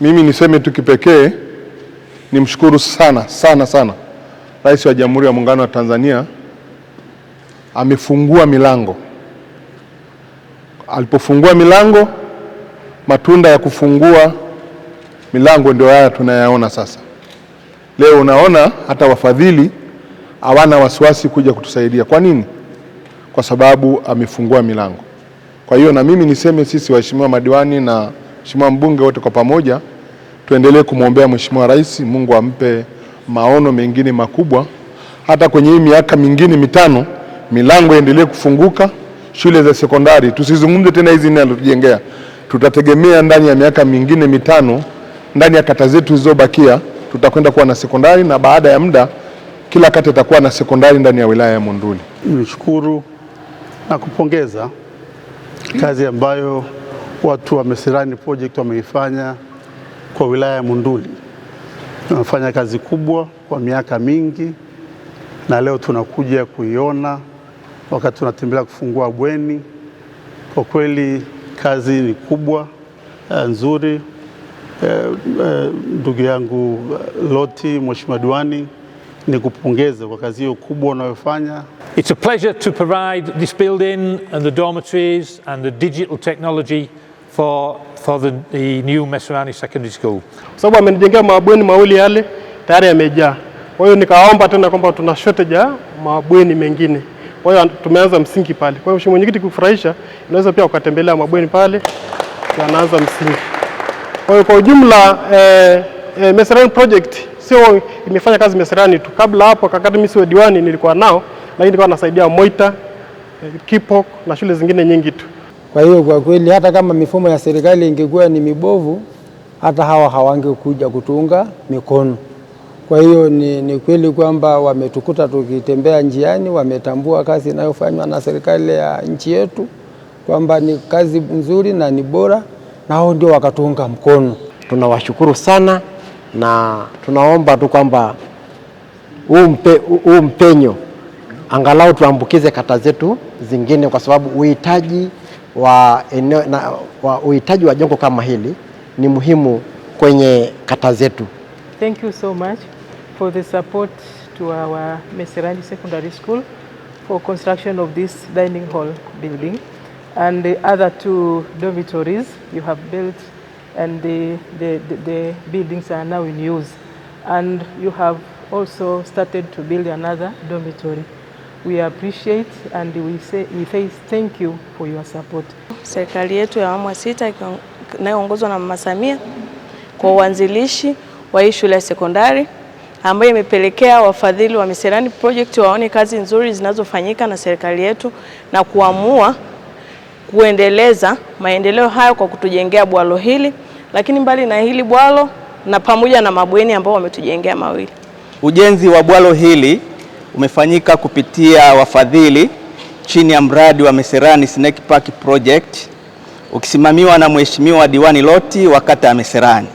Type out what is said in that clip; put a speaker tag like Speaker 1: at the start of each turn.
Speaker 1: Mimi niseme tu kipekee nimshukuru sana sana sana Rais wa Jamhuri ya Muungano wa Tanzania amefungua milango. Alipofungua milango, matunda ya kufungua milango ndio haya tunayaona sasa. Leo unaona hata wafadhili hawana wasiwasi kuja kutusaidia. Kwa nini? Kwa sababu amefungua milango. Kwa hiyo na mimi niseme sisi waheshimiwa madiwani na Mheshimiwa mbunge, wote kwa pamoja tuendelee kumwombea Mheshimiwa Rais, Mungu ampe maono mengine makubwa, hata kwenye hii miaka mingine mitano milango iendelee kufunguka. Shule za sekondari tusizungumze tena hizi nne tutategemea ndani ya miaka mingine mitano ndani ya kata zetu zilizobakia tutakwenda kuwa na sekondari, na baada ya muda kila kata itakuwa na sekondari ndani ya wilaya ya Monduli.
Speaker 2: Nishukuru na kupongeza kazi ambayo watu wa Mesirani project wameifanya kwa wilaya ya Munduli, wamefanya kazi kubwa kwa miaka mingi, na leo tunakuja kuiona wakati tunatembelea kufungua bweni. Kwa kweli kazi ni kubwa eh, nzuri. Ndugu eh, eh, ndugu yangu eh, Loti, Mheshimiwa Diwani, kupongeza kwa kazi hiyo kubwa unayofanya.
Speaker 3: It's a pleasure to provide this building and the dormitories and the digital technology for, for the, the new Mesurani Secondary School.
Speaker 4: Sababu amenijengea mabweni mawili yale tayari yamejaa. Kwa hiyo nikaomba tena kwamba tuna shortage ya mabweni mengine. Kwa hiyo tumeanza msingi pale. Kwa hiyo Mheshimiwa Mwenyekiti, kufurahisha, unaweza pia ukatembelea mabweni pale, tunaanza msingi. Kwa hiyo kwa ujumla eh, eh, Mesurani project sio imefanya kazi Mesurani tu. Kabla hapo, kakati mimi siwe diwani nilikuwa nao, lakini nilikuwa nasaidia Moita, eh, Kipok na shule zingine nyingi tu.
Speaker 2: Kwa hiyo kwa kweli hata kama mifumo ya serikali ingekuwa ni mibovu, hata hawa hawangekuja kutunga mikono. Kwa hiyo ni, ni kweli kwamba wametukuta tukitembea njiani, wametambua kazi inayofanywa na serikali ya nchi yetu kwamba ni kazi nzuri na ni bora, na hao ndio wakatunga mkono.
Speaker 5: Tunawashukuru sana na tunaomba tu kwamba huu mpe, mpenyo angalau tuambukize kata zetu zingine, kwa sababu uhitaji wa, eneo na, wa uhitaji wa jengo kama hili ni muhimu kwenye kata zetu.
Speaker 6: Thank you so much for the support to our Meserani Secondary School for construction of this dining hall building and the other two dormitories you have built and the, the, the, the buildings are now in use and you have also started to build another dormitory. We appreciate and we say, we say thank you for your support.
Speaker 7: Serikali yetu ya awamu ya sita inayoongozwa na Mama Samia kwa uanzilishi wa hii shule ya sekondari ambayo imepelekea wafadhili wa Miserani Project waone kazi nzuri zinazofanyika na serikali yetu na kuamua kuendeleza maendeleo hayo kwa kutujengea bwalo hili, lakini mbali na hili bwalo na pamoja na mabweni ambao wametujengea mawili.
Speaker 8: Ujenzi wa bwalo hili umefanyika kupitia wafadhili chini ya mradi wa Meserani Snake Park Project ukisimamiwa na Mheshimiwa Diwani Loti wa kata ya Meserani.